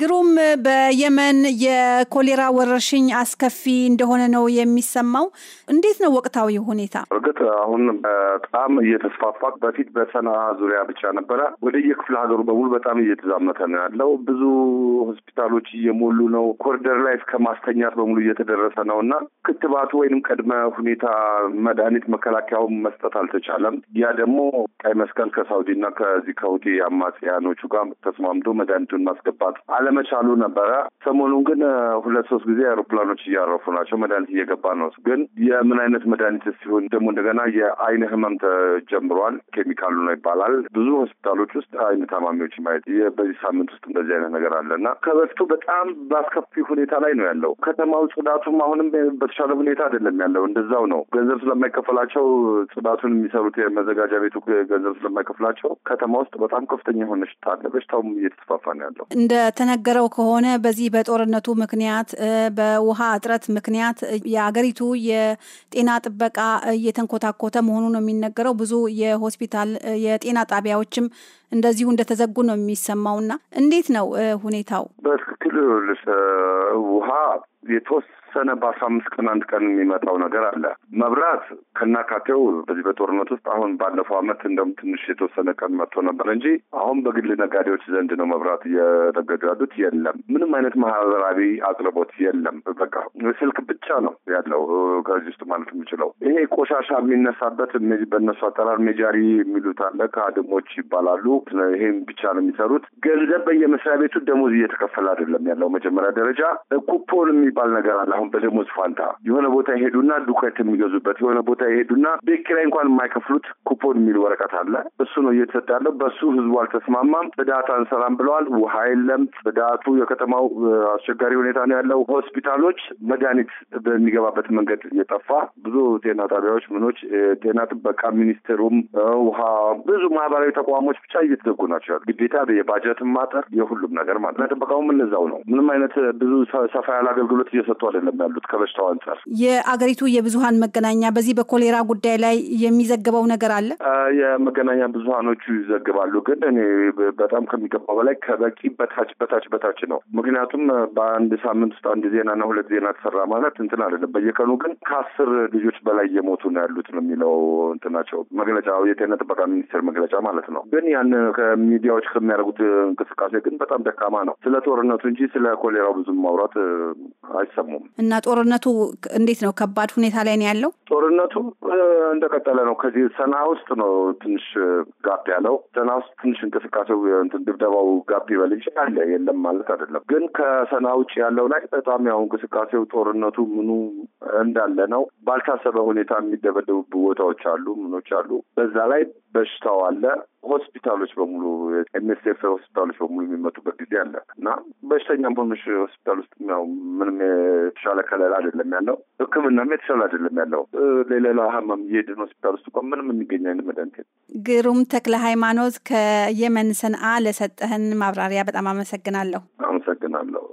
ግሩም፣ በየመን የኮሌራ ወረርሽኝ አስከፊ እንደሆነ ነው የሚሰማው። እንዴት ነው ወቅታዊ ሁኔታ? እርግጥ አሁን በጣም እየተስፋፋ በፊት በሰና ዙሪያ ብቻ ነበረ። ወደ የክፍለ ሀገሩ በሙሉ በጣም እየተዛመተ ነው ያለው። ብዙ ሆስፒታሎች እየሞሉ ነው። ኮሪደር ላይ እስከ ማስተኛት በሙሉ እየተደረሰ ነው እና ክትባቱ ወይንም ቅድመ ሁኔታ መድኃኒት መከላከያውን መስጠት አልተቻለም። ያ ደግሞ ቀይ መስቀል ከሳውዲ እና ከዚህ ከሁቲ አማጽያኖቹ ጋር ተስማምቶ መድኃኒቱን ማስገባት አለ አለመቻሉ ነበረ። ሰሞኑን ግን ሁለት ሶስት ጊዜ አውሮፕላኖች እያረፉ ናቸው። መድኃኒት እየገባ ነው። ግን የምን አይነት መድኃኒት ሲሆን ደግሞ እንደገና የአይን ህመም ተጀምሯል። ኬሚካሉ ነው ይባላል። ብዙ ሆስፒታሎች ውስጥ አይን ታማሚዎች ማየት በዚህ ሳምንት ውስጥ እንደዚህ አይነት ነገር አለ እና ከበፊቱ በጣም በአስከፊ ሁኔታ ላይ ነው ያለው። ከተማው ጽዳቱም አሁንም በተሻለ ሁኔታ አይደለም ያለው፣ እንደዛው ነው። ገንዘብ ስለማይከፈላቸው ጽዳቱን የሚሰሩት የመዘጋጃ ቤቱ ገንዘብ ስለማይከፍላቸው ከተማ ውስጥ በጣም ከፍተኛ የሆነ ሽታ አለ። በሽታውም እየተስፋፋ ነው ያለው እንደ እንደሚነገረው ከሆነ በዚህ በጦርነቱ ምክንያት በውሃ እጥረት ምክንያት የአገሪቱ የጤና ጥበቃ እየተንኮታኮተ መሆኑ ነው የሚነገረው። ብዙ የሆስፒታል የጤና ጣቢያዎችም እንደዚሁ እንደተዘጉ ነው የሚሰማውና እንዴት ነው ሁኔታው በትክክል ውሃ የተወሰነ የተወሰነ በአስራ አምስት ቀን አንድ ቀን የሚመጣው ነገር አለ። መብራት ከናካቴው በዚህ በጦርነት ውስጥ አሁን ባለፈው ዓመት እንደውም ትንሽ የተወሰነ ቀን መጥቶ ነበር እንጂ አሁን በግል ነጋዴዎች ዘንድ ነው መብራት እየነገዱ ያሉት። የለም ምንም አይነት ማህበራዊ አቅርቦት የለም። በቃ ስልክ ብቻ ነው ያለው ከዚህ ውስጥ ማለት የምችለው ይሄ ቆሻሻ የሚነሳበት በእነሱ አጠራር ሜጃሪ የሚሉት አለ። ከአድሞች ይባላሉ። ይሄን ብቻ ነው የሚሰሩት። ገንዘብ በየመስሪያ ቤቱ ደሞዝ እየተከፈለ አይደለም ያለው። መጀመሪያ ደረጃ ኩፖን የሚባል ነገር አለ አሁን በደሞዝ ፋንታ የሆነ ቦታ የሄዱና ዱከት የሚገዙበት የሆነ ቦታ ይሄዱና ቤት ኪራይ እንኳን የማይከፍሉት ኩፖን የሚል ወረቀት አለ። እሱ ነው እየተሰጠ ያለው። በሱ ህዝቡ አልተስማማም። ጽዳት አንሰራም ብለዋል። ውሃ የለም። ጽዳቱ የከተማው አስቸጋሪ ሁኔታ ነው ያለው። ሆስፒታሎች መድኃኒት በሚገባበት መንገድ እየጠፋ ብዙ ጤና ጣቢያዎች ምኖች፣ ጤና ጥበቃ ሚኒስቴሩም፣ ውሃ ብዙ ማህበራዊ ተቋሞች ብቻ እየተዘጉ ናቸው ያሉ ግዴታ የባጀት ማጠር የሁሉም ነገር ማለት ጥበቃውም እነዛው ነው። ምንም አይነት ብዙ ሰፋ ያለ አገልግሎት እየሰጡ አይደለም። አይደለም ያሉት ከበሽታው አንጻር። የአገሪቱ የብዙሀን መገናኛ በዚህ በኮሌራ ጉዳይ ላይ የሚዘግበው ነገር አለ። የመገናኛ ብዙሀኖቹ ይዘግባሉ፣ ግን እኔ በጣም ከሚገባው በላይ ከበቂ በታች በታች በታች ነው። ምክንያቱም በአንድ ሳምንት ውስጥ አንድ ዜናና ሁለት ዜና ተሰራ ማለት እንትን አይደለም። በየቀኑ ግን ከአስር ልጆች በላይ እየሞቱ ነው ያሉት ነው የሚለው እንትናቸው መግለጫ፣ የጤና ጥበቃ ሚኒስቴር መግለጫ ማለት ነው። ግን ያን ከሚዲያዎች ከሚያደርጉት እንቅስቃሴ ግን በጣም ደካማ ነው። ስለ ጦርነቱ እንጂ ስለ ኮሌራው ብዙም ማውራት አይሰሙም። እና ጦርነቱ እንዴት ነው? ከባድ ሁኔታ ላይ ነው ያለው ጦርነቱ እንደቀጠለ ነው። ከዚህ ሰና ውስጥ ነው ትንሽ ጋፕ ያለው። ሰና ውስጥ ትንሽ እንቅስቃሴው እንትን ድብደባው ጋፕ ይበል ይችላል። የለም ማለት አይደለም፣ ግን ከሰና ውጭ ያለው ላይ በጣም ያው እንቅስቃሴው ጦርነቱ ምኑ እንዳለ ነው። ባልታሰበ ሁኔታ የሚደበደቡ ቦታዎች አሉ፣ ምኖች አሉ። በዛ ላይ በሽታው አለ። ሆስፒታሎች በሙሉ ኤምስፍ ሆስፒታሎች በሙሉ የሚመጡበት ጊዜ አለ እና በሽተኛም በምሽ ሆስፒታል ውስጥ ያው ምንም የተሻለ ከለል አይደለም ያለው፣ ሕክምናም የተሻለ አይደለም ያለው። ሌላ ሀማም የድን ሆስፒታል ውስጥ እኳ ምንም የሚገኝ አይነት መድኃኒት። ግሩም ተክለ ሃይማኖት ከየመን ሰንአ ለሰጠህን ማብራሪያ በጣም አመሰግናለሁ። አመሰግናለሁ።